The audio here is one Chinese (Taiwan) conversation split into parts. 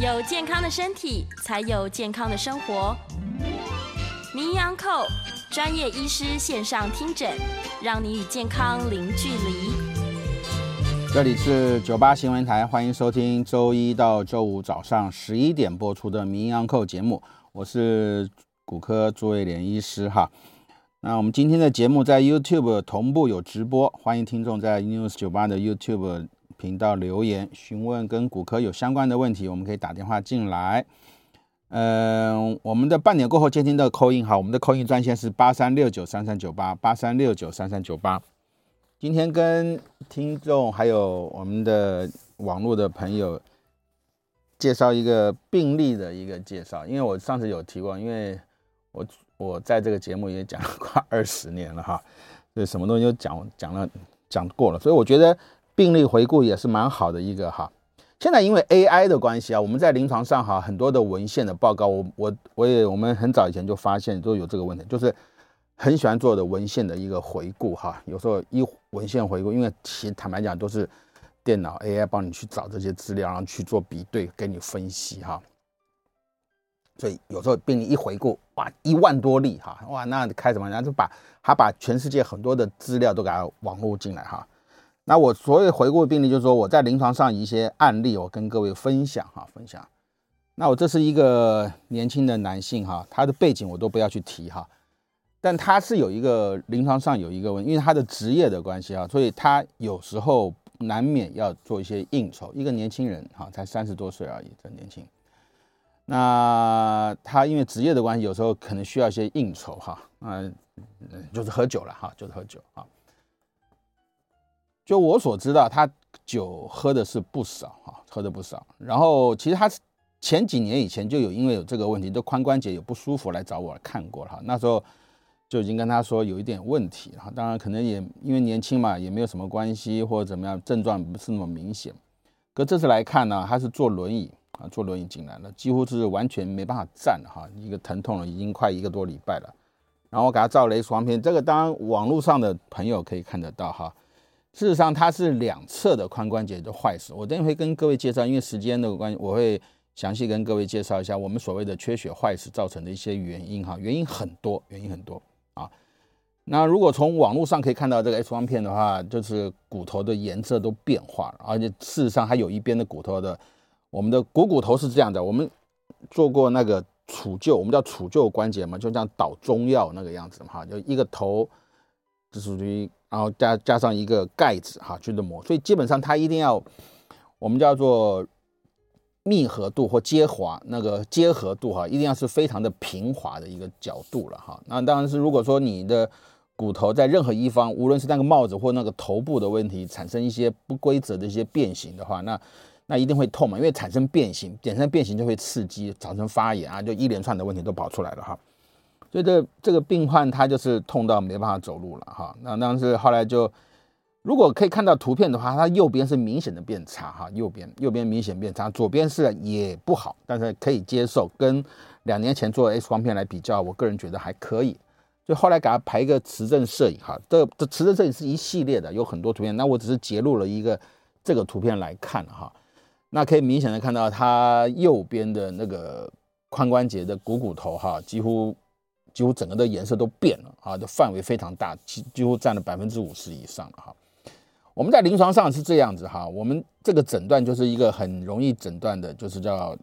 有健康的身體，才有健康的生活。名醫堂，專業醫師線上聽診，讓你與健康零距離。這裡是九八新聞台，歡迎收聽周一到周五早上十一點播出的名醫堂節目。我是骨科朱唯廉醫師哈。那我們今天的節目在 YouTube 同步有直播，歡迎聽眾在 News 九八的 YouTube。頻道留言詢問跟骨科有相關的問題，我們可以打電話進來。嗯、呃，我們的半點過後接聽到 call in 哈，我們的 call in 專線是八三六九三三九八八三六九三三九八。今天跟聽眾還有我們的網絡的朋友介紹一個病例的一個介紹，因為我上次有提過，因為我我在這個節目也講了快二十年了哈，對什麼東西都講講了講過了，所以我覺得。病例回顧也是蠻好的一個哈，現在因為 AI 的關係啊，我們在臨床上哈很多的文獻的報告，我我我也我們很早以前就發現都有這個問題，就是很喜歡做的文獻的一個回顧哈，有時候一文獻回顧，因為其實坦白講都是電腦 AI 幫你去找這些資料，然後去做比對，給你分析哈，所以有時候病例一回顧，哇，一萬多例哈，哇，那開什麼，然後就把他把全世界很多的資料都給它網絡進來哈。那我所謂回顧病例，就是說我在臨床上一些案例，我跟各位分享哈，分享。那我這是一個年輕的男性哈，他的背景我都不要去提哈，但他是有一個臨床上有一個問，因為他的職業的關係啊，所以他有時候難免要做一些應酬。一個年輕人哈，才三十多歲而已，這年輕。那他因為職業的關係，有時候可能需要一些應酬哈，嗯，就是喝酒了哈，就是喝酒啊。就我所知道，他酒喝的是不少哈，喝的不少。然後其實他前幾年以前就有，因為有這個問題，就髖關節有不舒服，來找我看過了哈。那時候就已經跟他說有一點問題哈。當然可能也因為年輕嘛，也沒有什麼關係或者怎麼樣，症狀不是那麼明顯。可這次來看呢，他是坐輪椅啊，坐輪椅進來了，幾乎是完全沒辦法站了哈。一個疼痛了已經快一個多禮拜了，然後我給他照了一雙片，這個當然網絡上的朋友可以看得到哈。事實上，它是兩側的髖關節的壞死。我等會跟各位介紹，因為時間的關係，我會詳細跟各位介紹一下我們所謂的缺血壞死造成的一些原因哈，原因很多，原因很多啊。那如果從網絡上可以看到這個 X 光片的話，就是骨頭的顏色都變化了，而且事實上還有一邊的骨頭的，我們的股骨頭是這樣的。我們做過那個杵臼，我們叫杵臼關節嘛，就像搗中藥那個樣子哈，就一個頭。這屬於，然後加加上一個蓋子哈、啊，去的膜，所以基本上它一定要，我們叫做密合度或接滑那個接合度哈、啊，一定要是非常的平滑的一個角度了哈、啊。那當然是如果說你的骨頭在任何一方，無論是那個帽子或那個頭部的問題，產生一些不規則的一些變形的話，那那一定會痛嘛，因為產生變形，點上變形就會刺激，產生發炎啊，就一連串的問題都跑出來了哈。啊所以這這個病患他就是痛到沒辦法走路了哈、啊。那當時後來就，如果可以看到圖片的話，他右邊是明顯的變差哈、啊，右邊右邊明顯變差，左邊是也不好，但是可以接受。跟兩年前做的 X 光片來比較，我個人覺得還可以。就後來給他拍一個磁振攝影哈、啊，這這磁振攝影是一系列的，有很多圖片。那我只是截錄了一個這個圖片來看哈、啊，那可以明顯的看到他右邊的那個髖關節的股骨頭哈、啊，幾乎。幾乎整個的顏色都變了啊！這範圍非常大，幾幾乎占了百分之五十以上了哈。我們在臨床上是這樣子哈、啊，我們這個診斷就是一個很容易診斷的，就是叫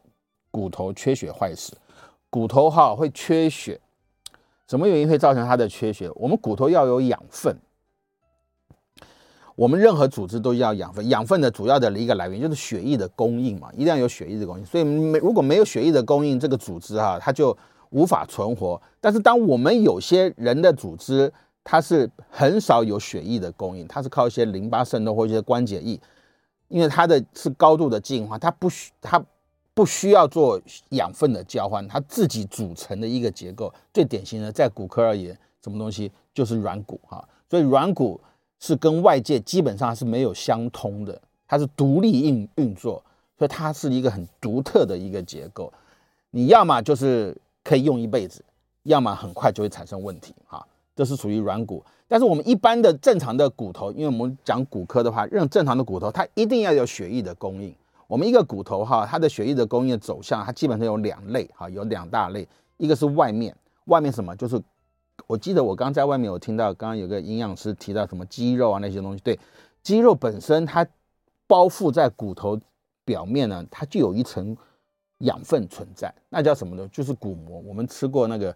骨頭缺血壞死。骨頭哈會缺血，什麼原因會造成它的缺血？我們骨頭要有養分，我們任何組織都要養分，養分的主要的一個來源就是血液的供應嘛，一定要有血液的供應。所以沒如果沒有血液的供應，這個組織哈、啊，它就。無法存活。但是，當我們有些人的組織，它是很少有血液的供應，它是靠一些淋巴滲透或一些關節液。因為它的是高度的進化，它不需它不需要做養分的交換，它自己組成的一個結構。最典型的，在骨科而言，什麼東西就是軟骨哈。所以，軟骨是跟外界基本上是沒有相通的，它是獨立運運作，所以它是一個很獨特的一個結構。你要麼就是。可以用一輩子，要麼很快就會產生問題哈、啊，這是屬於軟骨。但是我們一般的正常的骨頭，因為我們講骨科的話，認正常的骨頭它一定要有血液的供應。我們一個骨頭哈、啊，它的血液的供應的走向，它基本上有兩類哈、啊，有兩大類，一個是外面，外面什麼？就是我記得我剛在外面，我聽到剛剛有個營養師提到什麼肌肉啊那些東西。對，肌肉本身它包覆在骨頭表面呢，它就有一層。養分存在，那叫什麼呢？就是骨膜。我們吃過那個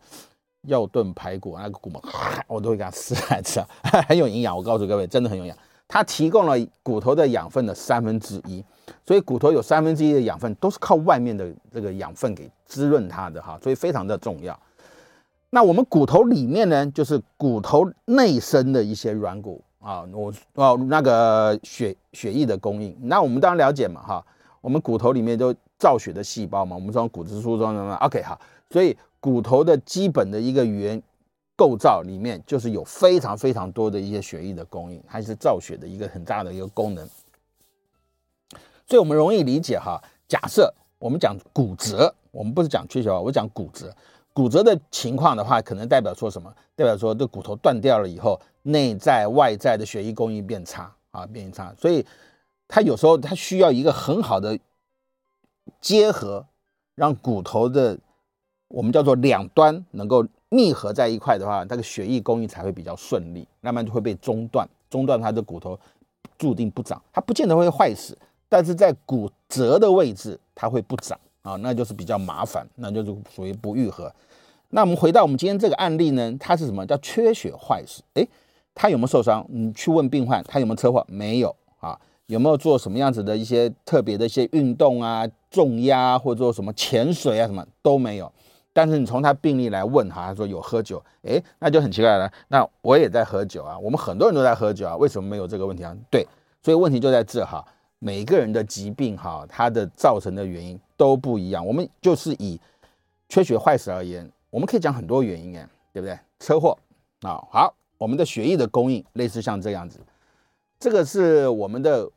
藥燉排骨，那個骨膜，我都會給它撕來吃哈哈，很有營養。我告訴各位，真的很有營養，它提供了骨頭的養分的三分之一，所以骨頭有三分之一的養分都是靠外面的這個養分給滋潤它的哈，所以非常的重要。那我們骨頭裡面呢，就是骨頭內生的一些軟骨啊，我哦那個血血液的供應。那我們當然了解嘛哈，我們骨頭裡面都。造血的細胞嘛，我們說骨質疏鬆什 o k 哈，所以骨頭的基本的一個原構造裡面，就是有非常非常多的一些血液的供應，它是造血的一個很大的一個功能。所以我們容易理解哈，假設我們講骨折，我們不是講缺血，我講骨折。骨折的情況的話，可能代表說什麼？代表說這骨頭斷掉了以後，內在外在的血液供應變差啊，變差。所以它有時候它需要一個很好的。結合，讓骨頭的我們叫做兩端能夠密合在一塊的話，那個血液供應才會比較順利，慢慢就會被中斷。中斷它的骨頭注定不長，它不見得會壞死，但是在骨折的位置它會不長啊，那就是比較麻煩，那就是屬於不癒合。那我們回到我們今天這個案例呢，它是什麼？叫缺血壞死。誒，它有沒有受傷？你去問病患，他有沒有車禍？沒有啊。有沒有做什麼樣子的一些特別的一些運動啊，重壓或者做什麼潛水啊，什麼都沒有。但是你從他病例來問他，他說有喝酒，哎，那就很奇怪了。那我也在喝酒啊，我們很多人都在喝酒啊，為什麼沒有這個問題啊？對，所以問題就在這哈。每個人的疾病哈，它的造成的原因都不一樣。我們就是以缺血壞死而言，我們可以講很多原因誒，對不對？車禍啊，哦，好，我們的血液的供應類似像這樣子，這個是我們的。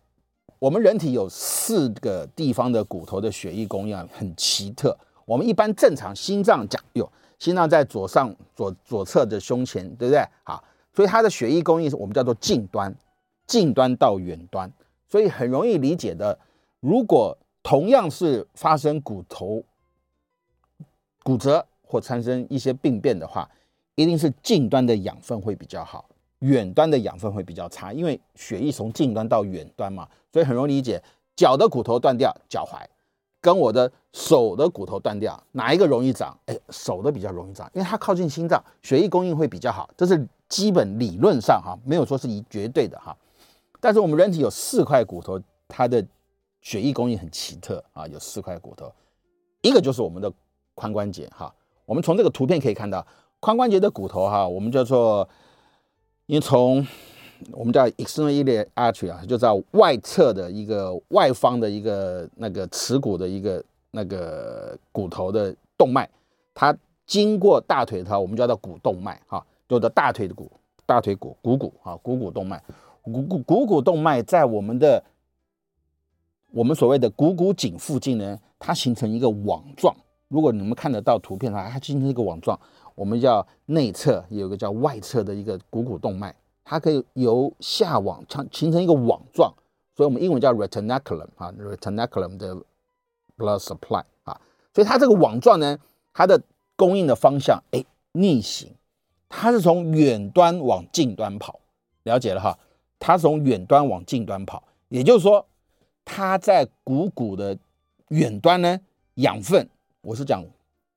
我們人體有四個地方的骨頭的血液供應啊，很奇特。我們一般正常心臟講，有心臟在左上左左側的胸前，對不對？好，所以它的血液供應是我們叫做近端，近端到遠端，所以很容易理解的。如果同樣是發生骨頭骨折或產生一些病變的話，一定是近端的養分會比較好，遠端的養分會比較差，因為血液從近端到遠端嘛。所以很容易理解，腳的骨頭斷掉，腳踝，跟我的手的骨頭斷掉，哪一個容易長？哎，手的比較容易長，因為它靠近心臟，血液供應會比較好。這是基本理論上哈，沒有說是一絕對的哈。但是我們人體有四塊骨頭，它的血液供應很奇特啊，有四塊骨頭，一個就是我們的髖關節哈。我們從這個圖片可以看到，髖關節的骨頭哈，我們叫做，你從。我們叫 external iliac artery 啊，就叫外側的一個外方的一個那個恥骨的一個那個骨頭的動脈，它經過大腿的話，我們叫它股動脈啊，就叫做大腿的股，大腿骨股骨啊，股骨動脈，股骨股骨動脈在我們的我們所謂的股骨頸附近呢，它形成一個網狀。如果你們看得到圖片的話，它形成一個網狀。我們叫內側有一個叫外側的一個股骨動脈。它可以由下往，形、形成一個網狀，所以我們英文叫 retinaculum 啊 retinaculum 的 blood supply 啊,所以它這個網狀呢，它的供應的方向誒，逆行，它是從遠端往近端跑，了解了哈，它是從遠端往近端跑，也就是說，它在股骨的遠端呢養分，我是講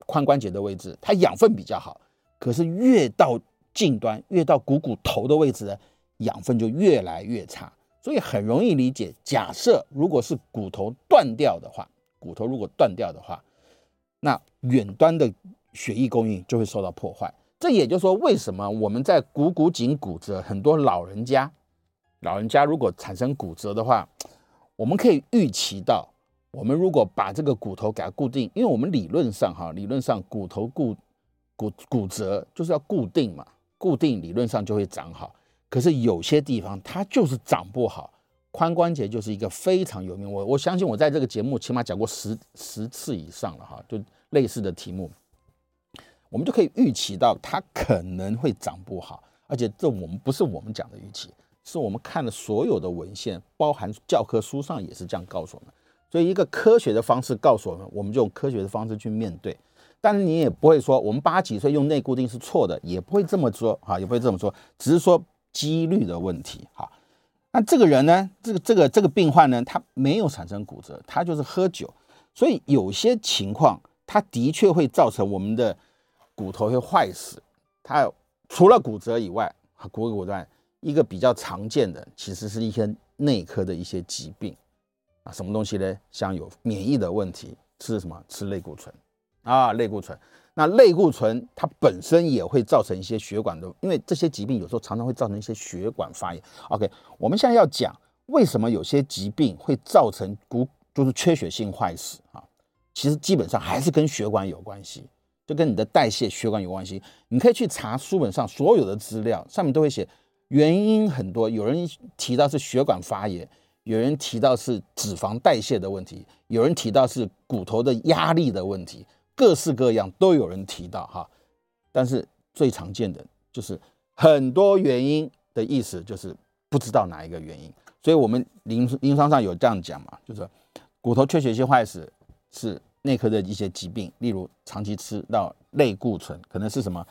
髖關節的位置，它養分比較好，可是越到近端越到股骨，骨頭的位置呢，養分就越來越差，所以很容易理解。假設如果是骨頭斷掉的話，骨頭如果斷掉的話，那遠端的血液供應就會受到破壞。這也就是說，為什麼我們在股骨頸骨折很多老人家，老人家如果產生骨折的話，我們可以預期到，我們如果把這個骨頭給它固定，因為我們理論上哈，理論上骨頭固骨骨，骨折就是要固定嘛。固定理論上就會長好，可是有些地方它就是長不好。髖關節就是一個非常有名，我我相信我在這個節目起碼講過十十次以上了哈，就類似的題目，我們就可以預期到它可能會長不好，而且這我們不是我們講的預期，是我們看的所有的文獻，包含教科書上也是這樣告訴我們，所以一個科學的方式告訴我們，我們就用科學的方式去面對。但是你也不會說我們八十幾歲用內固定是錯的，也不會這麼說啊，也不會這麼說，只是說幾率的問題哈，啊。那這個人呢，這個這個這個病患呢，他沒有產生骨折，他就是喝酒，所以有些情況它的確會造成我們的骨頭會壞死。它除了骨折以外啊，骨骨斷一個比較常見的，其實是一些內科的一些疾病啊，什麼東西呢？像有免疫的問題，吃什麼？吃類固醇。啊，類固醇，那類固醇它本身也會造成一些血管的，因為這些疾病有時候常常會造成一些血管發炎。OK，我們現在要講為什麼有些疾病會造成骨就是缺血性壞死啊，其實基本上還是跟血管有關係，就跟你的代謝血管有關係。你可以去查書本上所有的資料，上面都會寫原因很多，有人提到是血管發炎，有人提到是脂肪代謝的問題，有人提到是骨頭的壓力的問題。各式各樣都有人提到哈，但是最常見的就是很多原因的意思，就是不知道哪一個原因，所以我們臨臨床上有這樣講嘛，就是骨頭缺血性壞死是內科的一些疾病，例如長期吃到類固醇，可能是什麼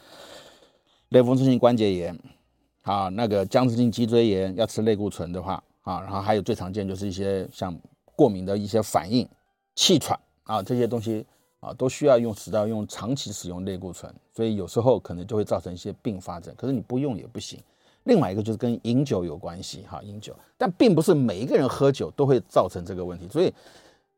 類風濕性關節炎啊，那個僵直性脊椎炎，要吃類固醇的話啊，然後還有最常見就是一些像過敏的一些反應，氣喘啊這些東西。啊，都需要用食道用長期使用類固醇，所以有時候可能就會造成一些併發症。可是你不用也不行。另外一個就是跟飲酒有關係哈，飲酒、啊，但並不是每一個人喝酒都會造成這個問題。所以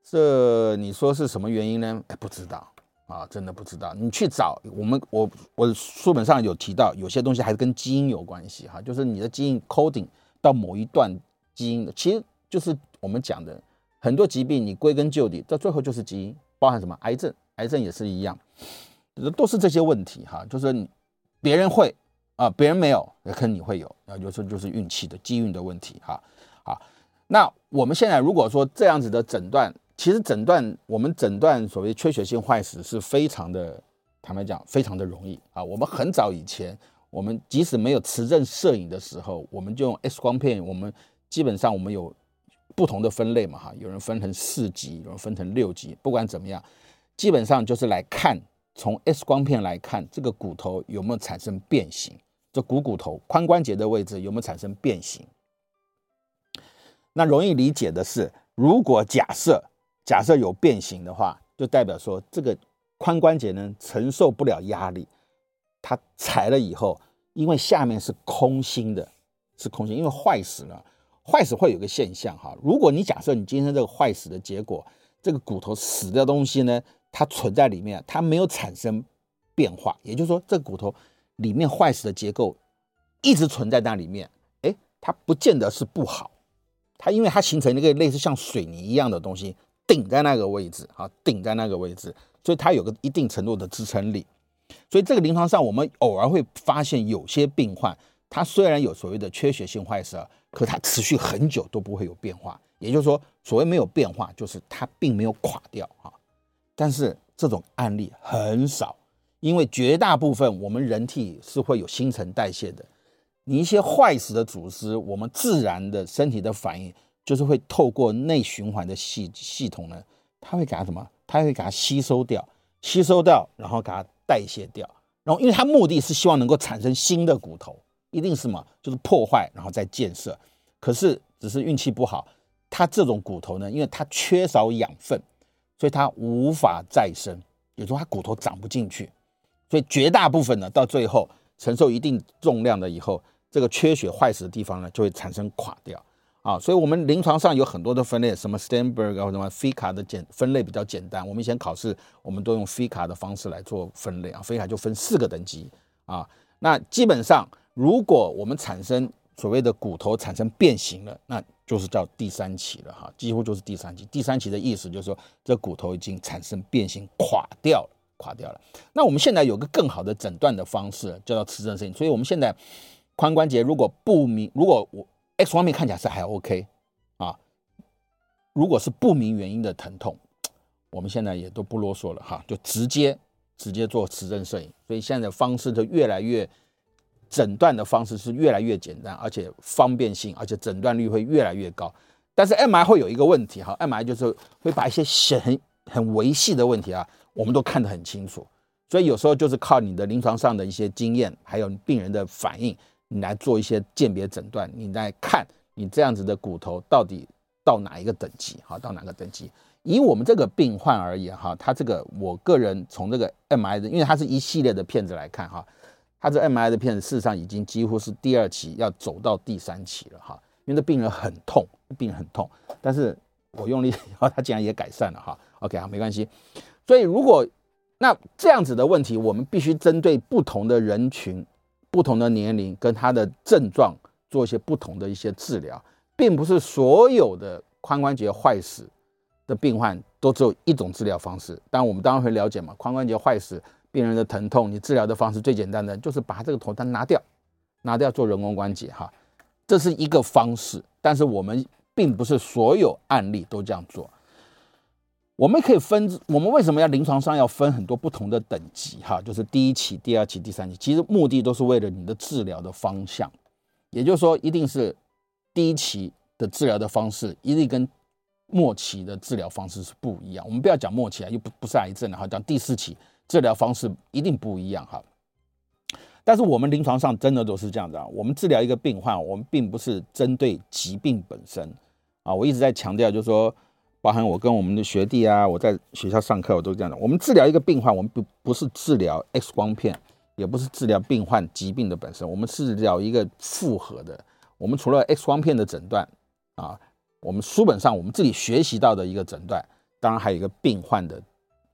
這你說是什麼原因呢？哎、欸，不知道啊，真的不知道。你去找我們，我我書本上有提到，有些東西還是跟基因有關係哈、啊，就是你的基因 coding 到某一段基因的，其實就是我們講的很多疾病你，你歸根究底到最後就是基因。包含什麼？癌症，癌症也是一樣，就是，都是這些問題哈、啊。就是你，別人會啊，別人沒有，也可能你會有啊。有時候就是運氣，就是，的機運的問題哈、啊。啊，那我們現在如果說這樣子的診斷，其實診斷我們診斷所謂缺血性壞死是非常的，坦白講，非常的容易啊。我們很早以前，我們即使沒有磁振攝影的時候，我們就用 X 光片，我們基本上我們有。不同的分類嘛，哈，有人分成四級，有人分成六級。不管怎麼樣，基本上就是來看從 X 光片來看，這個骨頭有沒有產生變形，這股骨、骨頭、髖關節的位置有沒有產生變形。那容易理解的是，如果假設假設有變形的話，就代表說這個髖關節呢承受不了壓力，它踩了以後，因為下面是空心的，是空心，因為壞死了。壞死會有個現象哈，如果你假設你今天這個壞死的結果，這個骨頭死的東西呢，它存在裡面，它沒有產生變化，也就是說，這個骨頭裡面壞死的結構一直存在那裡面，哎，它不見得是不好，它因為它形成一個類似像水泥一樣的東西，頂在那個位置啊，頂在那個位置，所以它有個一定程度的支撐力，所以這個臨床上我們偶爾會發現有些病患，他雖然有所謂的缺血性壞死。可它持續很久都不會有變化，也就是說，所謂沒有變化，就是它並沒有垮掉啊。但是這種案例很少，因為絕大部分我們人體是會有新陳代謝的。你一些壞死的組織，我們自然的身體的反應就是會透過內循環的系系統呢，它會給它什麼？它會給它吸收掉，吸收掉，然後給它代謝掉，然後因為它目的是希望能夠產生新的骨頭。一定是麼，就是破壞然後再建設，可是只是運氣不好，它這種骨頭呢，因為它缺少養分，所以它無法再生，有時候它骨頭長不進去，所以絕大部分呢，到最後承受一定重量了以後，這個缺血壞死的地方呢就會產生垮掉啊，所以我們臨床上有很多的分類，什麼 Steinberg 或者什麼 Ficat 的簡分類比較簡單，我們以前考試我們都用 Ficat 的方式來做分類啊 Ficat 就分四個等級啊，那基本上。如果我們產生所謂的骨頭產生變形了，那就是叫第三期了哈，幾乎就是第三期。第三期的意思就是說，這骨頭已經產生變形，垮掉了，垮掉了。那我們現在有個更好的診斷的方式，就叫到磁振攝影，所以，我們現在髖關節如果不明，如果我 X 光片看起來是還 OK 啊，如果是不明原因的疼痛，我們現在也都不囉嗦了哈，啊，就直接直接做磁振攝影。所以現在的方式就越來越。診斷的方式是越來越簡單，而且方便性，而且診斷率會越來越高。但是 MRI 會有一個問題哈，MRI 就是會把一些很很微細的問題啊，我們都看得很清楚。所以有時候就是靠你的臨床上的一些經驗，還有病人的反應，你來做一些鑑別診斷。你來看你這樣子的骨頭到底到哪一個等級哈，到哪個等級？以我們這個病患而言哈，他這個我個人從這個 MRI 的，因為它是一系列的片子來看哈。他這 MRI 的片子事實上已經幾乎是第二期要走到第三期了哈，因為那病人很痛，病人很痛，但是我用力啊，他竟然也改善了哈。OK 啊，沒關係。所以如果那這樣子的問題，我們必須針對不同的人群、不同的年齡跟他的症狀做一些不同的一些治療，並不是所有的髖關節壞死的病患都只有一種治療方式。但我們當然會了解嘛，髖關節壞死。病人的疼痛，你治療的方式最簡單的就是把這個頭端拿掉，拿掉做人工關節哈，這是一個方式。但是我們並不是所有案例都這樣做。我們可以分，我們為什麼要臨床上要分很多不同的等級哈？就是第一期、第二期、第三期，其實目的都是為了你的治療的方向。也就是說，一定是第一期的治療的方式，一定跟末期的治療方式是不一樣。我們不要講末期啊，又不不是癌症了哈，然後講第四期。治療方式一定不一樣哈，但是我們臨床上真的都是這樣的啊。我們治療一個病患，我們並不是針對疾病本身啊。我一直在強調，就是說，包含我跟我們的學弟啊，我在學校上課我都這樣講。我們治療一個病患，我們不不是治療 X 光片，也不是治療病患疾病的本身，我們是治療一個複合的。我們除了 X 光片的診斷啊，我們書本上我們自己學習到的一個診斷，當然還有一個病患的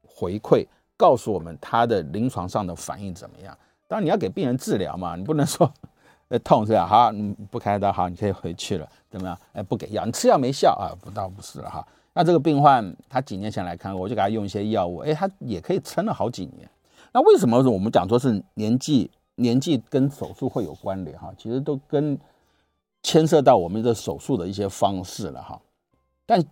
回饋。告訴我們他的臨床上的反應怎麼樣？當然你要給病人治療嘛，你不能說，哎，呃，痛是吧？好，你不開刀，好，你可以回去了，怎麼樣？哎，不給藥，你吃藥沒效啊？不，倒不是了哈。那這個病患他幾年前來看，我就給他用一些藥物，哎，他也可以撐了好幾年。那為什麼我們講說是年紀年紀跟手術會有關聯哈？其實都跟牽涉到我們的手術的一些方式了哈。但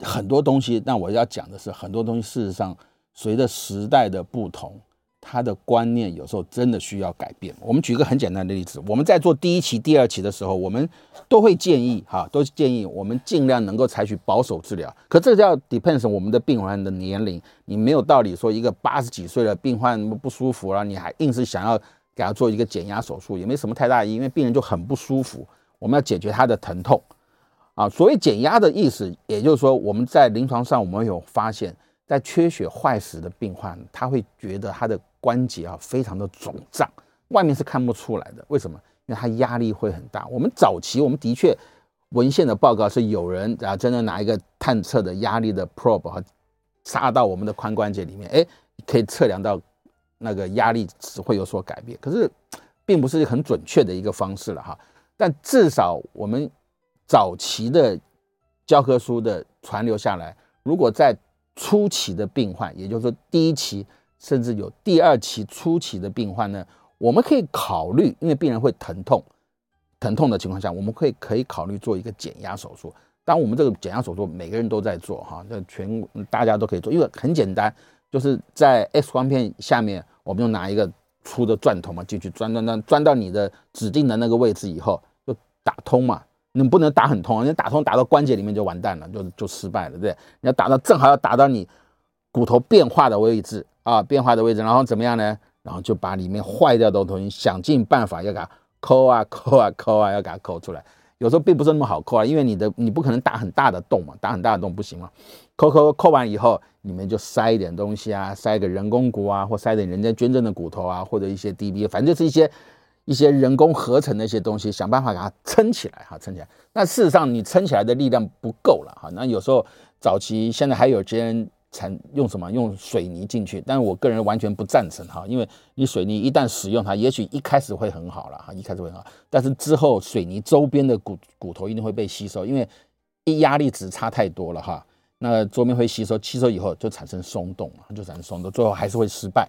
很多東西，那我要講的是很多東西，事實上。隨着時代的不同，他的觀念有時候真的需要改變。我們舉一個很簡單的例子，我們在做第一期、第二期的時候，我們都會建議哈、啊，都建議我們盡量能夠採取保守治療。可這叫 depends 我們的病患的年齡。你沒有道理說一個八十幾歲的病患不舒服了、啊，你還硬是想要給他做一個減壓手術，也沒什麼太大意義，因為病人就很不舒服。我們要解決他的疼痛啊。所謂減壓的意思，也就是說我們在臨床上我們有發現。在缺血壞死的病患，他會覺得他的關節啊非常的腫脹，外面是看不出來的。為什麼？因為他壓力會很大。我們早期，我們的確文獻的報告是有人啊，真的拿一個探測的壓力的 probe 啊，插到我們的髖關節裡面，誒，可以測量到那個壓力值會有所改變，可是並不是很準確的一個方式了哈。但至少我們早期的教科書的傳流下來，如果在初期的病患，也就是說第一期，甚至有第二期初期的病患呢，我們可以考慮，因為病人會疼痛，疼痛的情況下，我們可以可以考慮做一個減壓手術。當我們這個減壓手術每個人都在做哈，那全大家都可以做，因為很簡單，就是在 X 光片下面，我們就拿一個粗的鑽頭嘛，進去鑽鑽鑽，鑽到你的指定的那個位置以後，就打通嘛。你不能打很痛啊，你打通打到關節裡面就完蛋了，就就失敗了，對，你要打到正好要打到你骨頭變化的位置啊，變化的位置，然後怎麼樣呢？然後就把裡面壞掉的東西想盡辦法要給它摳啊摳啊摳啊，要給它摳出來。有時候並不是那麼好摳啊，因為你的你不可能打很大的洞嘛，打很大的洞不行嘛。摳摳摳完以後，裡面就塞一點東西啊，塞個人工骨啊，或塞點人家捐贈的骨頭啊，或者一些 D B，反正就是一些。一些人工合成的一些東西，想辦法給它撐起來哈，撐起來。那事實上你撐起來的力量不夠了哈。那有時候早期現在還有些人採用什麼用水泥進去，但是我個人完全不贊成哈，因為你水泥一旦使用它，也許一開始會很好了哈，一開始會很好，但是之後水泥周邊的骨骨頭一定會被吸收，因為一壓力值差太多了哈。那桌面會吸收，吸收以後就產生鬆動，就產生鬆動，最後還是會失敗。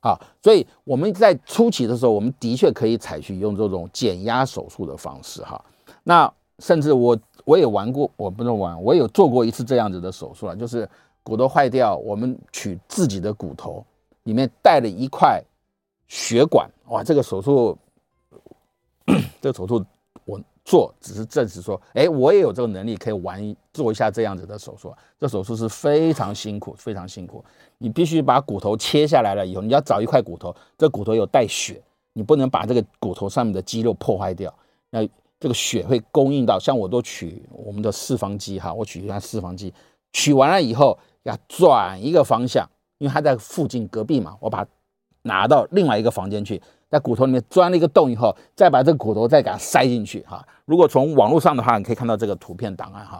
啊，所以我們在初期的時候，我們的確可以採取用這種減壓手術的方式，哈。那甚至我我也玩過，我不能玩，我也有做過一次這樣子的手術啊，就是骨頭壞掉，我們取自己的骨頭裡面帶了一塊血管，哇，這個手術， 這個手術。做只是證實說，哎，我也有這個能力可以玩做一下這樣子的手術。這手術是非常辛苦，非常辛苦。你必須把骨頭切下來了以後，你要找一塊骨頭，這骨頭有帶血，你不能把這個骨頭上面的肌肉破壞掉。那這個血會供應到，像我都取我們的四方肌哈，我取一下四方肌，取完了以後要轉一個方向，因為它在附近隔壁嘛，我把它拿到另外一個房間去。在骨頭裡面鑽了一個洞以後，再把這個骨頭再給它塞進去哈。如果從網絡上的話，你可以看到這個圖片檔案哈。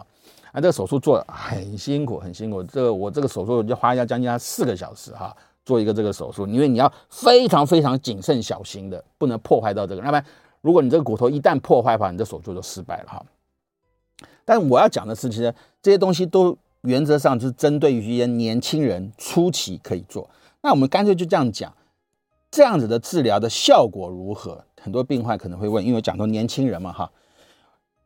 啊，這個手術做得很辛苦，很辛苦。這個我這個手術就花了將近四個小時哈，做一個這個手術，因為你要非常非常謹慎小心的，不能破壞到這個。那麼，如果你這個骨頭一旦破壞的話，你的手術就失敗了哈。但我要講的是，其實這些東西都原則上是針對於一些年輕人初期可以做。那我們乾脆就這樣講。這樣子的治療的效果如何？很多病患可能會問，因為我講到年輕人嘛，哈，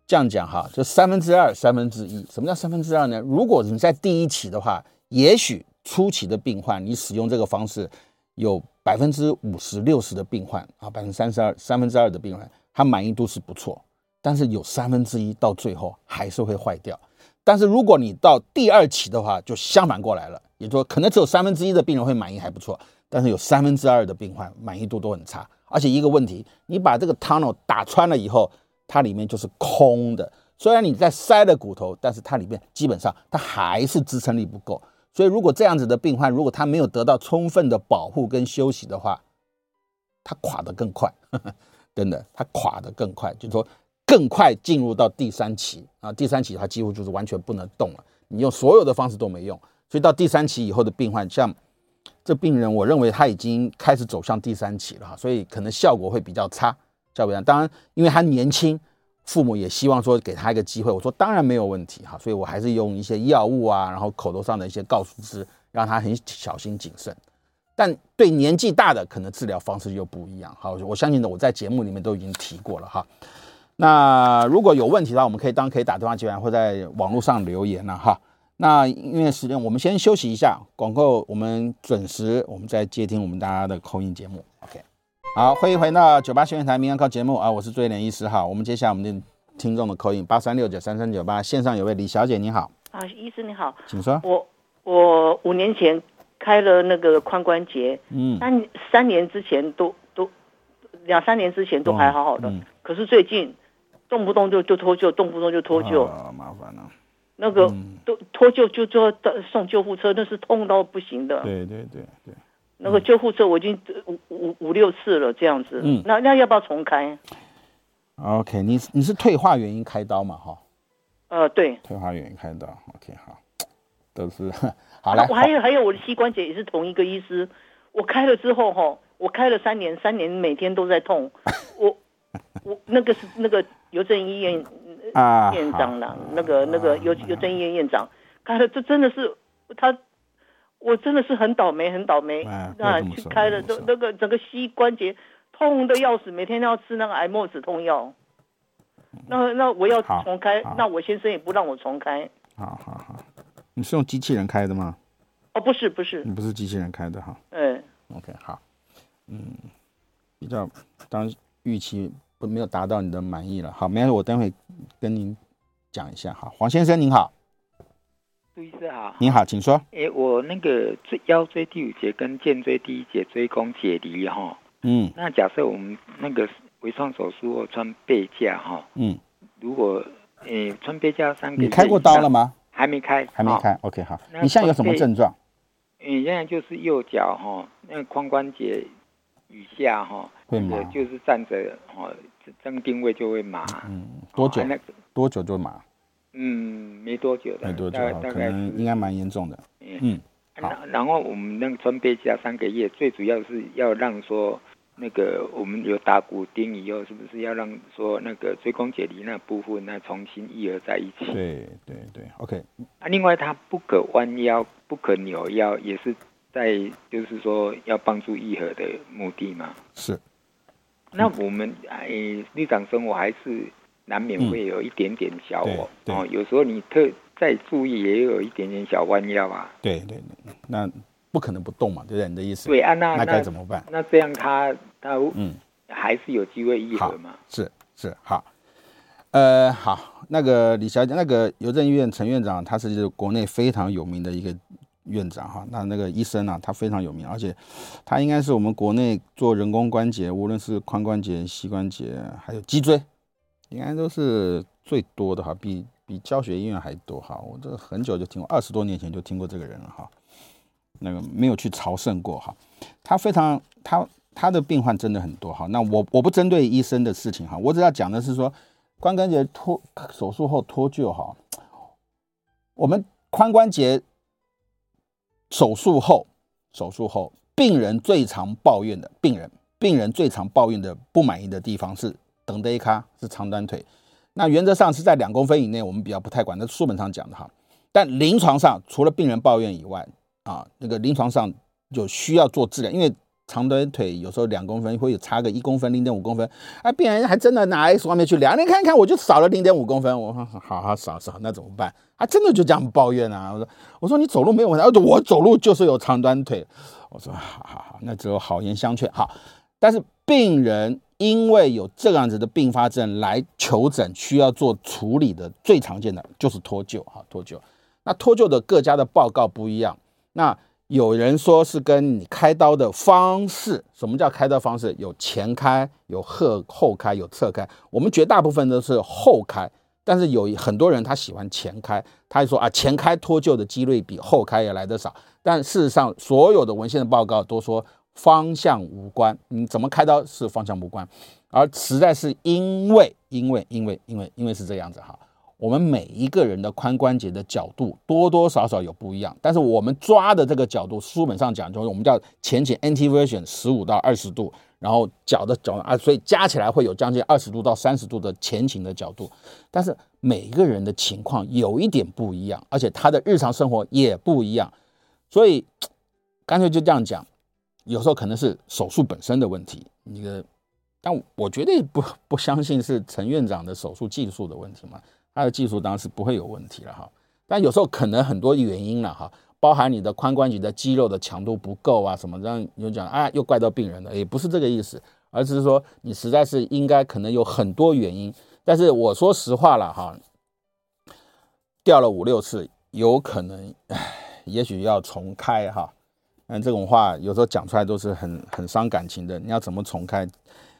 這樣講哈，就三分之二、三分之一。3, 什麼叫三分之二呢？如果你在第一期的話，也許初期的病患，你使用這個方式有，有百分之五十六十的病患啊，百分之三十二、三分之二的病患，他滿意度是不錯。但是有三分之一到最後還是會壞掉。但是如果你到第二期的話，就相反過來了，也就說，可能只有三分之一的病人會滿意，還不錯。但是有三分之二的病患，滿意度都很差。而且一個問題，你把這個 tunnel 打穿了以後，它裡面就是空的。雖然你在塞了骨頭，但是它裡面基本上它還是支撐力不夠。所以如果這樣子的病患，如果他沒有得到充分的保護跟休息的話，他垮得更快。真 的，他垮得更快，就是說更快進入到第三期啊。第三期他幾乎就是完全不能動了，你用所有的方式都沒用。所以到第三期以後的病患像。這病人，我認為他已經開始走向第三期了哈，所以可能效果會比較差，效果樣。當然，因為他年輕，父母也希望說給他一個機會。我說當然沒有問題哈，所以我還是用一些藥物啊，然後口頭上的一些告知，讓他很小心謹慎。但對年紀大的，可能治療方式又不一樣。哈，我相信呢，我在節目裡面都已經提過了哈。那如果有問題的話，我們可以當可以打電話進來，或在網絡上留言了、啊、哈。那音樂時間，我們先休息一下，廣告我們準時，我們再接聽我們大家的口音節目。OK，好，歡迎回到九八新聞台明天《民安康》節目啊，我是朱唯廉醫師哈。我們接下來我們就聽的聽眾的口音，八三六九三三九八線上有位李小姐，你好啊，醫師你好，請說，我我五年前開了那個髖關節，嗯，三三年之前都都兩三年之前都還好好的，嗯嗯、可是最近動不動就就脫臼，動不動就脫臼，哦、麻煩了。那個都脫臼，就做送救護車，那是痛到不行的。對對對對，那個救護車我已經五五、嗯、五六次了這樣子。嗯，那那要不要重開？OK，你你是退化原因開刀嘛？哈、哦，呃，對，退化原因開刀。OK，好，都是 好了。啊、來我還有好還有我的膝關節也是同一個醫師，我開了之後哈、哦，我開了三年，三年每天都在痛。 我我那個是那個郵政醫院。 啊，院長啦，那個那個，郵郵政醫院院長開了，這真的是他，我真的是很倒霉，很倒霉，那去開了，那那個整個膝關節痛得要死，每天都要吃那個艾莫止痛藥。那那我要重開，那我先生也不讓我重開。好好好，你是用機器人開的嗎？哦，不是不是，你不是機器人開的哈。嗯，OK，好，嗯，比較當預期。沒有達到你的滿意了，好，沒事，我等會跟您講一下。好，黃先生您好，杜醫師好，您好，請說。哎，我那個椎腰椎第五節跟薦椎第一節椎弓解離哈，嗯，那假設我們那個微創手術我穿背架哈，嗯，如果嗯、欸、穿背架三個月，你開過刀了嗎？還沒開，還沒開，好，OK，好。你現在有什麼症狀？okay 嗯，現在就是右腳哈，那個髖關節以下哈，會嗎 呃、就是站着哈。這個定位就會麻，嗯，多久？哦那個、多久就麻？嗯，沒多久的，沒多久，大概，大概應該蠻嚴重的。是嗯，啊、好。然後、然後我們那個穿背架三個月，最主要是要讓說那個我們有打骨釘以後，是不是要讓說那個椎弓解離那部分那重新癒合在一起？對對對，OK。啊，另外它不可彎腰，不可扭腰，也是在就是說要幫助癒合的目的嗎？是。那我們哎、嗯呃，日常生活還是難免會有一點點小火。嗯、對對哦。有時候你特再注意，也有一點點小彎你知道嗎？對對，那不可能不動嘛，對不對？你的意思？對啊，那那該怎麼辦？那，那這樣他他嗯，還是有機會逆轉嘛。是是好，呃好，那個李小姐，那個郵政醫院陳院長，他是，是國內非常有名的一個。院長哈，那那個醫生啊，他非常有名，而且他應該是我們國內做人工關節，無論是髖關節、膝關節，還有脊椎，應該都是最多的哈，比比教學醫院還多哈。我這很久就聽過，二十多年前就聽過這個人了哈。那個沒有去朝聖過哈，他非常，他他的病患真的很多哈。那我我不針對醫生的事情哈，我只要講的是說髖關節脫手術後脫臼哈，我們髖關節。手術後，手術後，病人最常抱怨的病人，病人最常抱怨的不滿意的地方是等待一咖是長短腿，那原則上是在兩公分以內，我們比較不太管，那是書本上講的哈，但臨床上除了病人抱怨以外，啊，那、那個臨床上就需要做治療，因為。長短腿有時候兩公分，會有差個一公分、零點五公分。啊，病人還真的拿 X 光片，去量，你看看，我就少了零點五公分。我說，好好少少，那怎麼辦？啊，真的就這樣抱怨啊。我說，我說你走路沒有問題，我說我走路就是有長短腿。我說，好好好，那只有好言相勸好。但是病人因為有這樣子的併發症來求診，需要做處理的最常見的就是脫臼哈，脫臼。那脫臼的各家的報告不一樣，那。有人說是跟你開刀的方式，什麼叫開刀方式？有前開，有後後開，有側開。我們絕大部分都是後開，但是有很多人他喜歡前開，他就說啊，前開脫臼的幾率比後開也來得少。但事實上，所有的文獻的報告都說方向無關，你怎麼開刀是方向無關，而實在是因為因為因為因為因為是這樣子哈。我們每一個人的髖關節的角度多多少少有不一樣，但是我們抓的這個角度，書本上講就是我們叫前傾 anteversion 十五到二十度，然後腳的腳啊，所以加起來會有將近二十度到三十度的前傾的角度。但是每一個人的情況有一點不一樣，而且他的日常生活也不一樣，所以乾脆就這樣講，有時候可能是手術本身的問題。那個，但我絕對不不相信是陳院長的手術技術的問題嘛。他的技術當然是不會有問題了哈，但有時候可能很多原因了哈，包含你的髖關節的肌肉的強度不夠啊什麼這樣就講啊，又怪到病人了，也不是這個意思，而是說你實在是應該可能有很多原因，但是我說實話了哈，掉了五六次，有可能也許要重開哈，但，這種話有時候講出來都是很很傷感情的，你要怎麼重開？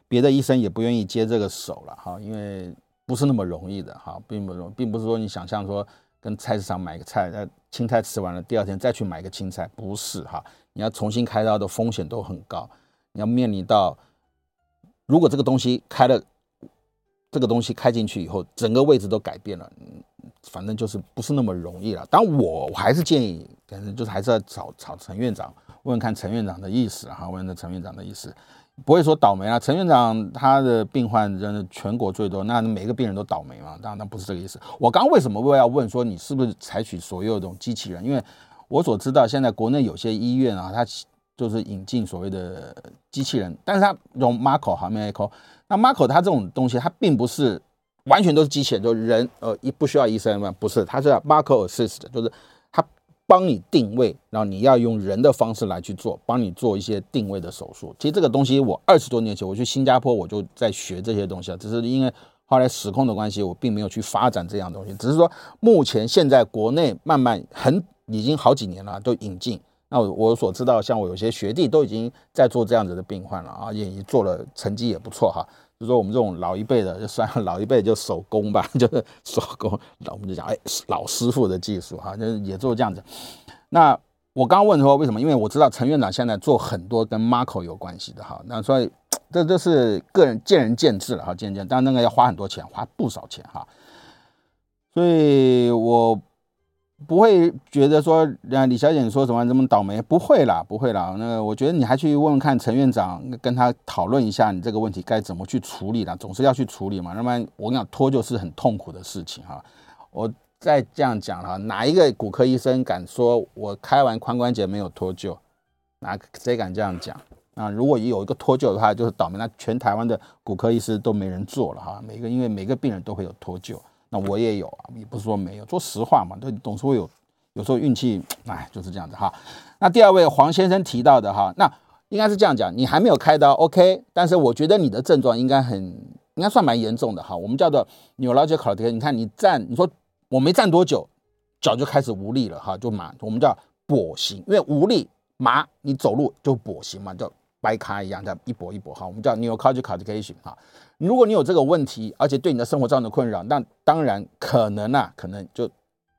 別的醫生也不願意接這個手了哈，因為。不是那麼容易的哈，並不是，並不是說你想象說跟菜市場買個菜，那青菜吃完了，第二天再去買個青菜，不是哈，你要重新開刀的風險都很高，你要面臨到，如果這個東西開了，這個東西開進去以後，整個位置都改變了，反正就是不是那麼容易了。但我我還是建議，反正就是還是要找找陳院長，問問看陳院長的意思哈，問問陳院長的意思。不會說倒霉啊，陳院長他的病患真的全國最多，那每個病人都倒霉嘛，當然，那不是這個意思。我剛為什麼我要問說你是不是採取所有這種機器人？因為我所知道，現在國內有些醫院啊，它就是引進所謂的機器人，但是它用 Marco 和 Mic 那 Marco 它這種東西，它並不是完全都是機器人，就人呃一不需要醫生，不是，它是 Marco Assist，就是。幫你定位，然後你要用人的方式來去做，幫你做一些定位的手術。其實這個東西，我二十多年前我去新加坡，我就在學這些東西啊。只是因為後來時空的關係，我並沒有去發展這樣的東西。只是說，目前現在國內慢慢很已經好幾年了都引進。那我所知道，像我有些學弟都已經在做這樣子的病患了啊，也已經做了，成績也不錯哈。就說我們這種老一輩的，就算老一輩就手工吧，就是手工，那我們就講，哎，老師傅的技術哈，就是也做這樣子。那我剛問說為什麼？因為我知道陳院長現在做很多跟 MAKO 有關係的哈，那所以這都是個人見仁見智了哈，見見，但那個要花很多錢，花不少錢哈。所以我。不會覺得說，那李小姐你說什麼這麼倒霉？不會啦，不會啦。那我覺得你還去問問看陳院長，跟他討論一下你這個問題該怎麼去處理啦。總是要去處理嘛。那麼我跟你講脫臼是很痛苦的事情哈。我再這樣講哈，哪一個骨科醫生敢說我開完髖關節沒有脫臼？哪誰敢這樣講？啊，如果有一個脫臼的話，就是倒霉，那全台灣的骨科醫師都沒人做了哈。每個因為每個病人都會有脫臼。那我也有啊，也不是說沒有，說實話嘛，但總是會有，有時候運氣，哎，就是這樣子哈。那第二位黃先生提到的哈，那應該是這樣講，你還沒有開刀，OK，但是我覺得你的症狀應該很，應該算蠻嚴重的哈。我們叫做 neurological claudication，你看你站，你說我沒站多久，腳就開始無力了哈，就麻，我們叫跛行，因為無力麻，你走路就跛行嘛，就掰開一樣，這樣一跛一跛哈。我們叫 neurological claudication 哈。如果你有這個問題，而且對你的生活造成的困擾，那當然可能啊，可能就，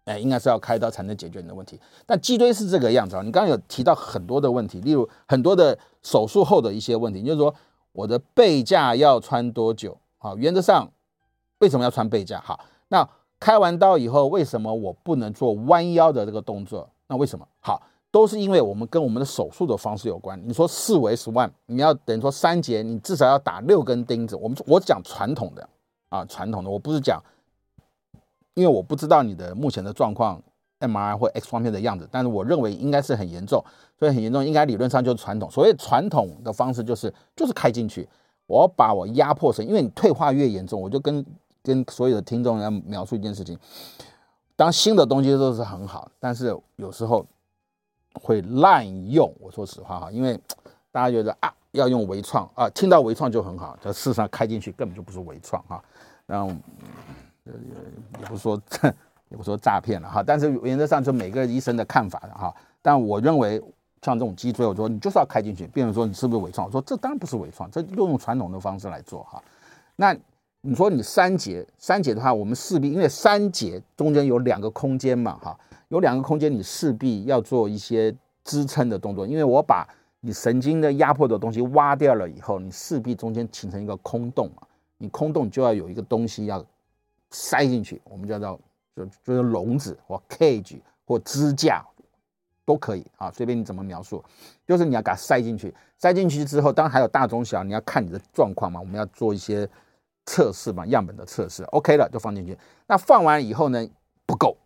哎、欸，應該是要開刀才能解決你的問題。但脊椎是這個樣子啊，你剛剛有提到很多的問題，例如很多的手術後的一些問題，就是說我的背架要穿多久啊？原則上為什麼要穿背架？好，那開完刀以後，為什麼我不能做彎腰的這個動作？那為什麼？好。都是因為我們跟我們的手術的方式有關。你說四維十萬，你要等於說三節，你至少要打六根釘子。我們我講傳統的啊，傳統的，我不是講，因為我不知道你的目前的狀況，MRI 或 X 光片的樣子，但是我認為應該是很嚴重，所以很嚴重，應該理論上就是傳統。所謂傳統的方式就是就是開進去，我要把我壓迫神經，因為你退化越嚴重，我就跟跟所有的聽眾來描述一件事情：當新的東西都是很好，但是有時候。會濫用，我說實話哈，因為大家覺得啊要用微創啊，聽到微創就很好，這事實上開進去根本就不是微創哈、啊。然後也，也不說這也不說詐騙了哈、啊，但是原則上就每個醫生的看法的哈、啊。但我認為像這種脊椎，我說你就是要開進去，病人說你是不是微創，我說這當然不是微創，這又用傳統的方式來做哈、啊。那你說你三節三節的話，我們勢必因為三節中間有兩個空間嘛哈。啊有兩個空間，你勢必要做一些支撐的動作，因為我把你神經的壓迫的東西挖掉了以後，你勢必中間形成一個空洞啊，你空洞就要有一個東西要塞進去，我們叫做就就是籠子或 cage 或支架都可以啊，隨便你怎麼描述，就是你要給它塞進去，塞進去之後，當然還有大中小，你要看你的狀況嘛，我們要做一些測試嘛，樣本的測試，OK 了，就放進去，那放完以後呢，不夠。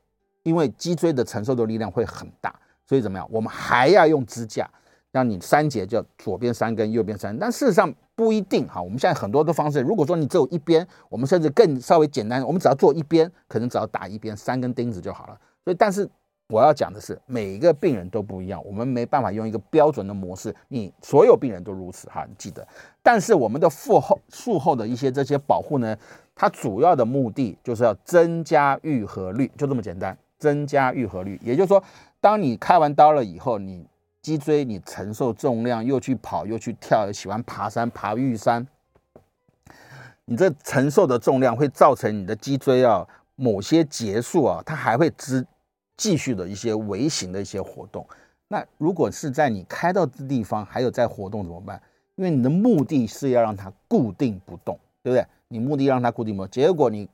因為脊椎的承受的力量會很大，所以怎麼樣？我們還要用支架，讓你三節，就左邊三根，右邊三根。但事實上不一定哈。我們現在很多的方式，如果說你只有一邊，我們甚至更稍微簡單，我們只要做一邊，可能只要打一邊三根釘子就好了。所以，但是我要講的是，每一個病人都不一樣，我們沒辦法用一個標準的模式，你所有病人都如此哈，你記得。但是我們的術後術後的一些這些保護呢，它主要的目的就是要增加癒合率，就這麼簡單。增加愈合率，也就是說，當你開完刀了以後，你脊椎你承受重量，又去跑，又去跳，又喜歡爬山、爬玉山，你這承受的重量會造成你的脊椎啊某些節數啊，它還會支繼續的一些微型的一些活動。那如果是在你開到的地方還有在活動怎麼辦？因為你的目的是要讓它固定不動，對不對？你目的讓它固定不動，結果你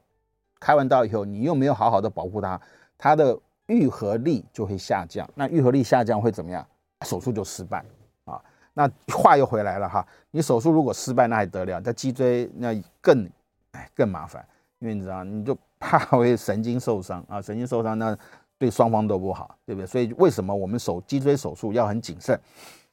開完刀以後，你又沒有好好的保護它。它的癒合力就會下降，那癒合力下降會怎麼樣？手術就失敗啊！那話又回來了哈，你手術如果失敗，那還得了？那脊椎那更哎更麻煩，因為你知道，你就怕會神經受傷啊，神經受傷那對雙方都不好，對不對？所以為什麼我們手脊椎手術要很謹慎？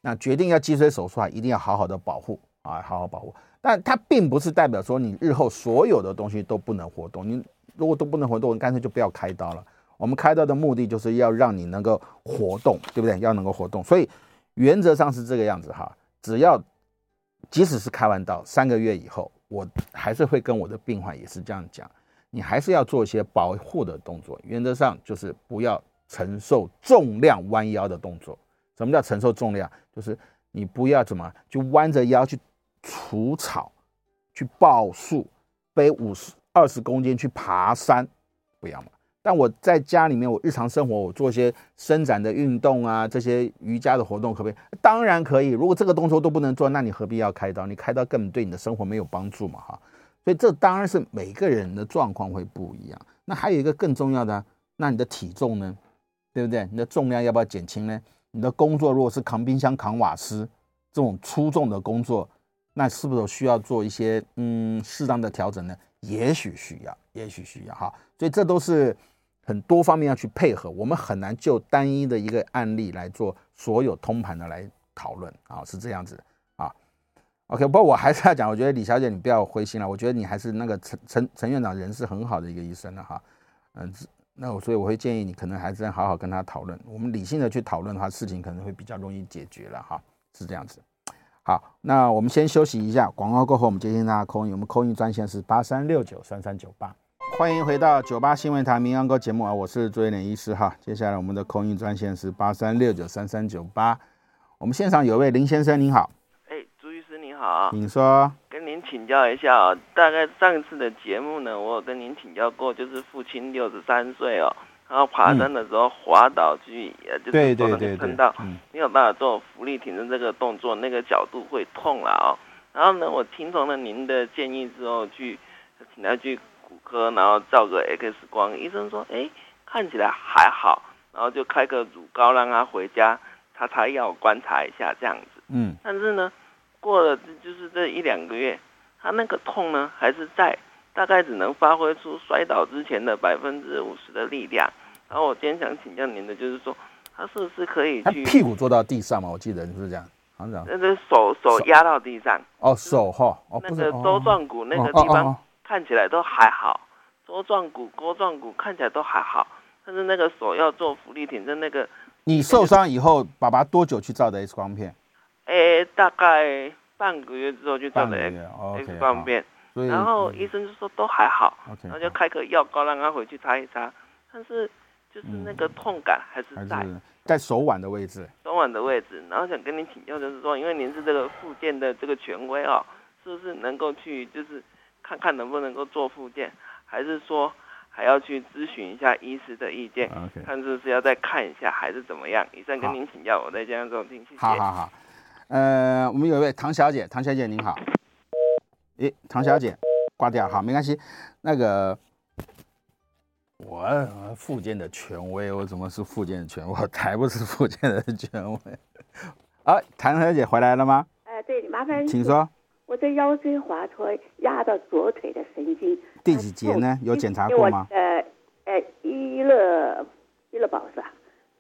那決定要脊椎手術啊，一定要好好的保護啊，好好保護。但它並不是代表說你日後所有的東西都不能活動，你如果都不能活動，你乾脆就不要開刀了。我們開刀的目的就是要讓你能夠活動，對不對？要能夠活動，所以原則上是這個樣子哈。只要即使是開完刀三個月以後，我還是會跟我的病患也是這樣講，你還是要做一些保護的動作。原則上就是不要承受重量、彎腰的動作。什麼叫承受重量？就是你不要怎麼就彎着腰去除草、去抱樹、背五十二十公斤去爬山，不要嘛。但我在家裡面，我日常生活我做一些伸展的運動啊，這些瑜伽的活動可不可以？當然可以。如果這個動作都不能做，那你何必要開刀？你開刀根本對你的生活沒有幫助嘛，哈。所以這當然是每個人的狀況會不一樣。那還有一個更重要的啊，那你的體重呢？對不對？你的重量要不要減輕呢？你的工作如果是扛冰箱、扛瓦斯這種粗重的工作，那是不是需要做一些嗯適當的調整呢？也許需要，也許需要哈。所以這都是。很多方面要去配合，我們很難就單一的一個案例來做所有通盤的來討論啊，是這樣子啊。OK，不過我還是要講，我覺得李小姐你不要灰心了，我覺得你還是那個陳陳陳院長人是很好的一個醫生了哈、啊。嗯，那我所以我會建議你可能還是要好好跟他討論，我們理性的去討論的話，事情可能會比較容易解決了哈、啊，是這樣子。好，那我們先休息一下，廣告過後我們接聽大家的 call in，我們 call in 專線是八三六九三三九八。歡迎回到九八新聞台明安哥節目啊，我是朱唯廉醫師哈。接下來我們的叩應專線是八三六九三三九八。我們現場有位林先生，您好，朱醫師您好，你好、啊、您說跟您請教一下啊，大概上次的節目呢，我有跟您請教過，就是父親六十三歲哦，然後爬山的時候、嗯、滑倒去、啊，也就是對腿碰到，對對對對嗯、沒有辦法做伏地挺身這個動作，那個角度會痛了啊。然後呢，我聽從了您的建議之後去，請他去。骨科，然後照個 X 光，醫生說，哎，看起來還好，然後就開個乳膏讓他回家，他才要我觀察一下這樣子。嗯，但是呢，過了就是這一兩個月，他那個痛呢還是在，大概只能發揮出摔倒之前的百分之五十的力量。然後我今天想請教您的就是說，他是不是可以去？去屁股坐到地上嘛？我記得是不是這樣？那個手手，手壓到地上。哦，就是、手哈。哦、那個舟狀骨那個地方。哦哦哦看起來都還好，多狀骨、鈎狀骨看起來都還好，但是那個手要做復位，挺正。那個你受傷以後，爸爸多久去照的 X 光片？哎、欸，大概半個月之後就照的 X, X 光片。OK, 好然後醫生就說都還好，對然後就開個藥膏讓他回去擦一擦，OK, 好但是就是那個痛感還是在，還是在手腕的位置。手腕的位置。然後想跟您請教就是說，因為您是這個復健的這個權威啊、哦，是不是能夠去就是？看看能不能夠做復健，還是說還要去諮詢一下醫師的意見？Okay. 看是是要再看一下還是怎麼樣？以上跟您請教，好我再講這種東西。好好好，呃，我們有一位唐小姐，唐小姐您好。誒、欸，唐小姐，掛掉哈，沒關係。那個，我復健的權威，我怎麼是復健的權威？我才不是復健的權威。啊，唐小姐回來了嗎？哎、呃，對，麻煩請說。這腰椎滑脫壓到左腿的神經，第幾節呢？有檢查過嗎？呃，呃，醫樂，醫樂保是吧？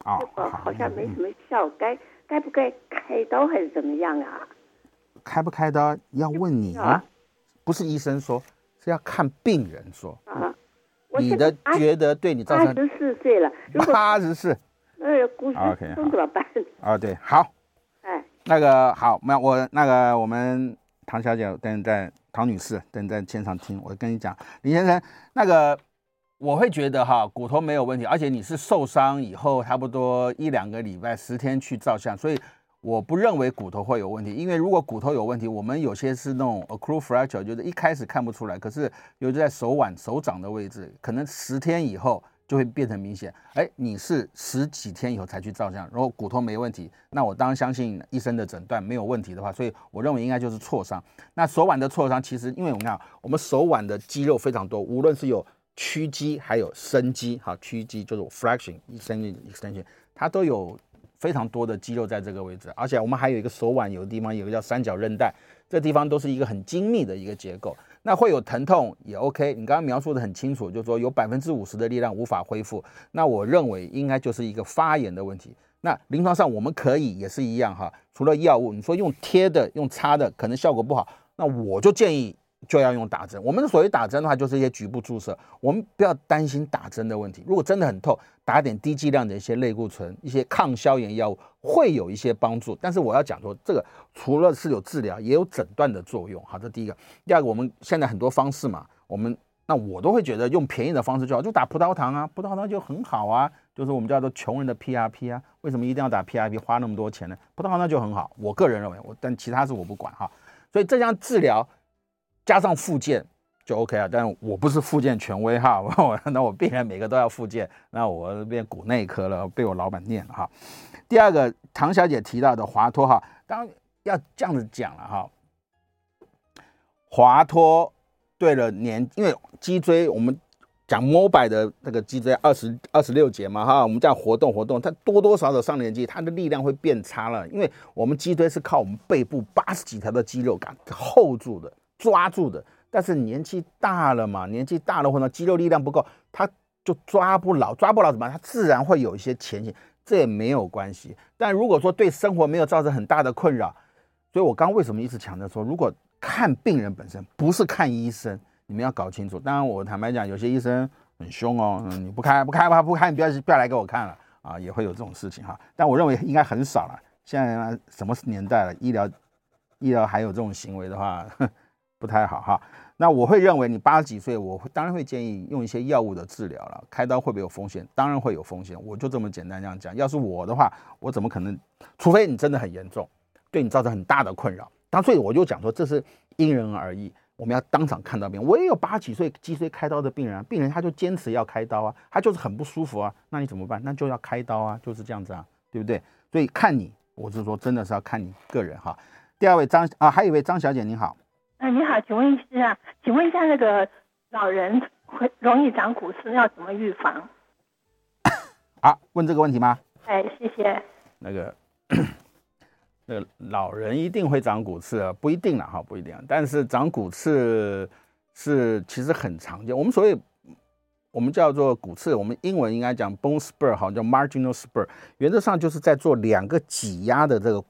啊，好像沒什麼效，該該不該開刀還是怎麼樣啊？開不開刀要問你啊，不是醫生說，是要看病人說啊。你的覺得對你造成？八十四歲了，八十四，呃，骨質疏鬆怎麼辦？啊，對，好。哎，那個好，那我那個我們。唐小姐等在唐女士等在現場聽，我跟你講，李先生，那個我會覺得哈骨頭沒有問題，而且你是受傷以後差不多一兩個禮拜十天去照相，所以我不認為骨頭會有問題，因為如果骨頭有問題，我們有些是那種 occult fracture，就是一開始看不出來，可是尤其在手腕手掌的位置，可能十天以後。就會變成明顯，哎，你是十幾天以後才去照相，然後骨頭沒問題，那我當然相信醫生的診斷沒有問題的話，所以我認為應該就是挫傷。那手腕的挫傷，其實因為我們看，我們手腕的肌肉非常多，無論是有屈肌還有伸肌，哈，屈肌就是 flexion，伸 extension，它都有非常多的肌肉在這個位置，而且我們還有一個手腕，有的地方有一個叫三角韌帶，這地方都是一個很精密的一個結構。那會有疼痛也 OK，你剛剛描述的很清楚，就是說有百分之五十的力量無法恢復，那我認為應該就是一個發炎的問題。那臨床上我們可以也是一樣哈，除了藥物，你說用貼的、用擦的，可能效果不好，那我就建議。就要用打針。我們所謂打針的話，就是一些局部注射。我們不要擔心打針的問題。如果真的很痛，打點低劑量的一些類固醇、一些抗消炎藥物會有一些幫助。但是我要講說，這個除了是有治療，也有診斷的作用。好，這第一個。第二個，我們現在很多方式嘛，我們那我都會覺得用便宜的方式就好，就打葡萄糖啊，葡萄糖就很好啊。就是我們叫做窮人的 PRP 啊，為什麼一定要打 PRP 花那麼多錢呢？葡萄糖就很好。我個人認為，我但其他事我不管哈。所以這項治療。加上復健就 OK 啊，但我不是復健權威哈我，那我病人每個都要復健，那我變骨內科了，被我老板念了哈。第二個唐小姐提到的滑脫哈，剛要這樣子講了哈，滑脫對了年，因為脊椎我們講 mobile 的那個脊椎二十二十六節嘛哈，我們這樣活動活動，它多多少少上年紀，它的力量會變差了，因為我們脊椎是靠我們背部八十幾條的肌肉感 hold 住的。抓住的，但是年紀大了嘛，年紀大了或者肌肉力量不夠，他就抓不牢，抓不牢怎麼辦？他自然會有一些前景，這也沒有關係。但如果說對生活沒有造成很大的困擾，所以我剛為什麼一直強調說，如果看病人本身不是看醫生，你們要搞清楚。當然，我坦白講，有些醫生很凶哦，嗯，你不開不開吧，不開，不開你不要不要來給我看了啊，也會有這種事情哈。但我認為應該很少了。現在什麼年代了，醫療醫療還有這種行為的話。不太好哈，那我會認為你八十幾歲，我會當然會建議用一些藥物的治療了。開刀會不會有風險？當然會有風險。我就這麼簡單這樣講。要是我的話，我怎麼可能？除非你真的很嚴重，對你造成很大的困擾。當、啊，所以我就講說，這是因人而異。我們要當場看到病人。我也有八十幾歲脊椎開刀的病人、啊，病人他就堅持要開刀啊，他就是很不舒服啊。那你怎麼辦？那就要開刀啊，就是這樣子啊，對不對？所以看你，我是說真的是要看你個人哈。第二位張啊，還有一位張小姐您好。哎，你好，請問一下，請問一下，那個老人會容易長骨刺，要怎麼預防？啊，問這個問題嗎？哎，謝謝。那個，那個、老人一定會長骨刺啊？不一定了哈，不一定。但是長骨刺是其實很常見。我們所以我們叫做骨刺，我們英文應該講 bone spur 哈，叫 marginal spur。原則上就是在做兩個擠壓的這個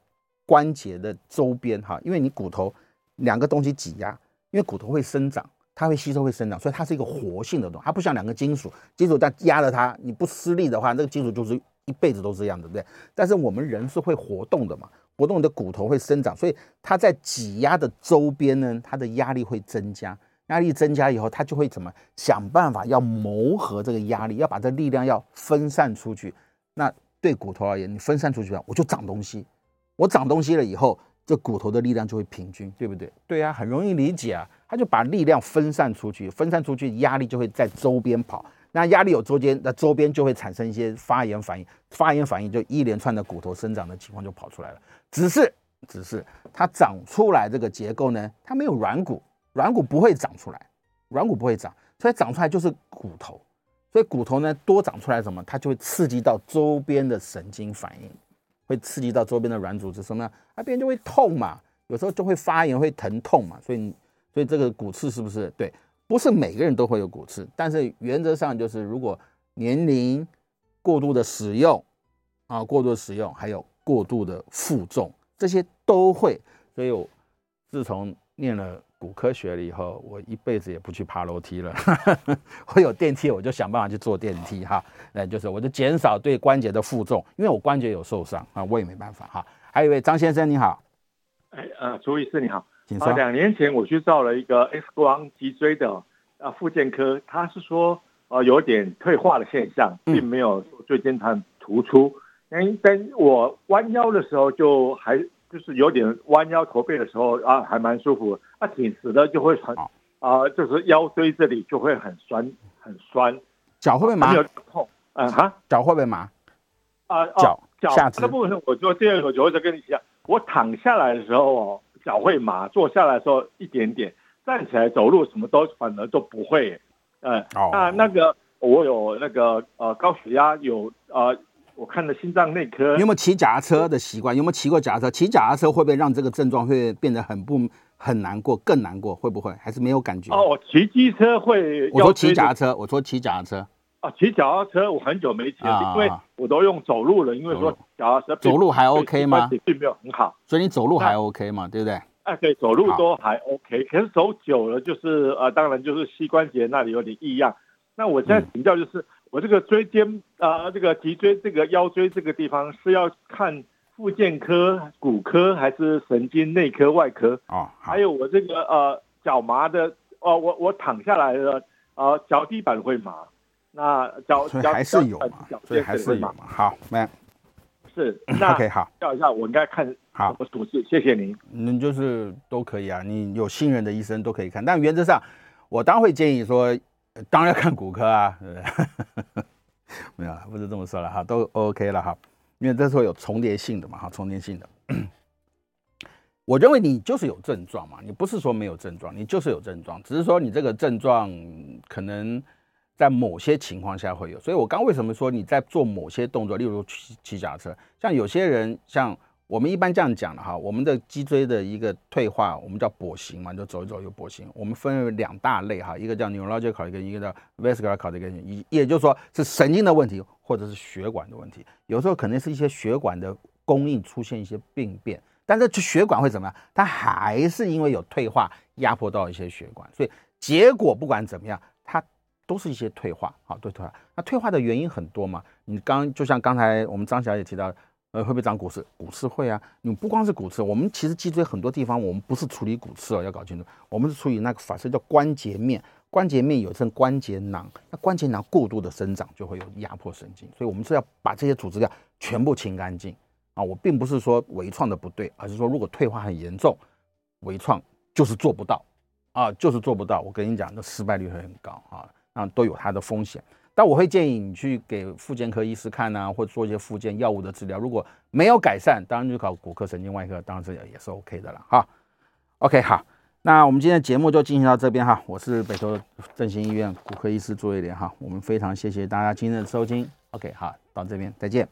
關節的周邊哈，因為你骨頭。兩個東西擠壓，因為骨頭會生長，它會吸收會生長，所以它是一個活性的東西，它不像兩個金屬，金屬在壓着它，你不施力的話，那個金屬就是一輩子都是這樣的，對不對？但是我們人是會活動的嘛，活動你的骨頭會生長，所以它在擠壓的周邊呢，它的壓力會增加，壓力增加以後，它就會怎麼想辦法要磨合這個壓力，要把這個力量要分散出去，那對骨頭而言，你分散出去了，我就長東西，我長東西了以後。這骨頭的力量就會平均，對不對？對啊，很容易理解啊。它就把力量分散出去，分散出去，壓力就會在周邊跑。那壓力有周邊，那周邊就會產生一些發炎反應。發炎反應就一連串的骨頭生長的情況就跑出來了。只是，只是它長出來這個結構呢，它沒有軟骨，軟骨不會長出來，軟骨不會長，所以長出來就是骨頭。所以骨頭呢，多長出來什麼，它就會刺激到周邊的神經反應。會刺激到周邊的軟組織，什麼樣啊，病人就會痛嘛，有時候就會發炎、會疼痛嘛。所以，所以這個骨刺是不是？對，不是每個人都會有骨刺，但是原則上就是如果年齡過、啊、過度的使用啊、過度使用，還有過度的負重，這些都會。所以我自從念了。骨科學了以後，我一輩子也不去爬樓梯了呵呵。我有電梯，我就想辦法去坐電梯好哈。那就是我就減少對關節的負重，因為我關節有受傷啊，我也沒辦法哈。還有一位張先生，你好，哎，呃，朱醫師你好，請說。兩、啊、年前我去照了一個 X 光脊椎的啊，復健科他是說呃有點退化的現象，並沒有說椎間盤突出。嗯、但但，我彎腰的時候就還。就是有點彎腰駝背的時候啊，還蠻舒服、啊。那挺直的就會很啊、呃，就是腰椎這裡就會很酸，很酸腳，腳會不會麻、痛啊？哈腳？腳會不會麻？啊，腳、哦、腳次、啊。那部分我就第二個，就是跟你一樣，我躺下來的時候腳會麻，坐下來的時候一點點，站起來走路什麼都反而都不會。嗯，那、哦啊、那個我有那個呃高血壓，有呃我看了心臟內科。你有沒有騎腳踏車的習慣？對有沒有騎過腳踏車？騎腳踏車會不會讓這個症狀會變得很不很難過，更難過？會不會還是沒有感覺？哦，我騎機車會。我說騎腳踏車。我說騎腳踏車。哦，騎腳踏車我很久沒騎了，啊、因為我都用走路了。因為說腳走，走路還 OK 嗎？並沒有很好。所以你走路還 OK 嘛？那對不對，對？對、啊，走路都還 OK 好。可是走久了就是呃，當然就是膝關節那裡有點異樣。那我現在請教就是。嗯我這個椎間啊、呃，這個脊椎，這個腰椎這個地方是要看復健科，骨科，還是神經內科，外科啊？哦、還有我這個呃腳麻的哦、呃，我我躺下來了呃，腳底板會麻，那腳腳還是有嘛？所以還是有嘛？好，有。是 OK，好，教一下我應該看什麼同事，好謝謝您。您就是都可以啊，你有信任的醫生都可以看，但原則上我當會建議說。當然要看骨科啊，對不對？沒有，不是這麼說了哈，都 OK 了哈。因為這時候有重疊性的嘛哈，重疊性的。 我認為你就是有症狀嘛，你不是說沒有症狀，你就是有症狀，只是說你這個症狀可能在某些情況下會有。所以我剛為什麼說你在做某些動作，例如騎騎車，像有些人像。我們一般這樣講的哈，我們的脊椎的一個退化，我們叫跛行嘛，就走一走有跛行。我們分為兩大類哈，一個叫 neurological，一個 cal cal，一個叫 vascular claudication，一個也也就是說是神經的問題或者是血管的問題。有時候可能是一些血管的供應出現一些病變，但是血管會怎麼樣？它還是因為有退化壓迫到一些血管，所以結果不管怎麼樣，它都是一些退化，好、哦，都退化。那退化的原因很多嘛，你剛就像剛才我們張小姐提到。呃，會不會長骨刺？骨刺會啊，你不光是骨刺，我們其實脊椎很多地方，我們不是處理骨刺哦，要搞清楚，我們是處理那個反射叫關節面，關節面有一層關節囊，那關節囊過度的生長就會有壓迫神經，所以我們是要把這些組織掉，全部清乾淨啊。我並不是說微創的不對，而是說如果退化很嚴重，微創就是做不到啊，就是做不到。我跟你講，那失敗率會很高啊，那都有它的風險。但我會建議你去給復健科醫師看吶、啊，或者做一些復健藥物的治療。如果沒有改善，當然就考骨科神經外科，當然這也也是 OK 的啦。哈 OK 好，那我們今天的節目就進行到這邊哈。我是北投振興醫院骨科醫師朱唯廉哈，我們非常謝謝大家今天的收聽。OK，好，到這邊再見。